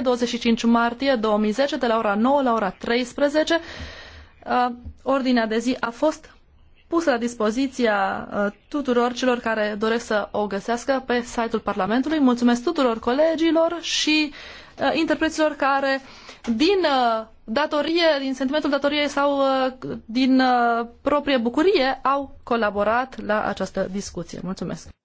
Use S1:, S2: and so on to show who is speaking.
S1: 25 martie 2010, de la ora 9 la ora 13. Uh, ordinea de zi a fost pusă la dispoziția uh, tuturor celor care doresc să o găsească pe site-ul Parlamentului. Mulțumesc tuturor colegilor și uh, interpreților care din datorie, din sentimentul datoriei sau din proprie bucurie au colaborat la această discuție. Mulțumesc!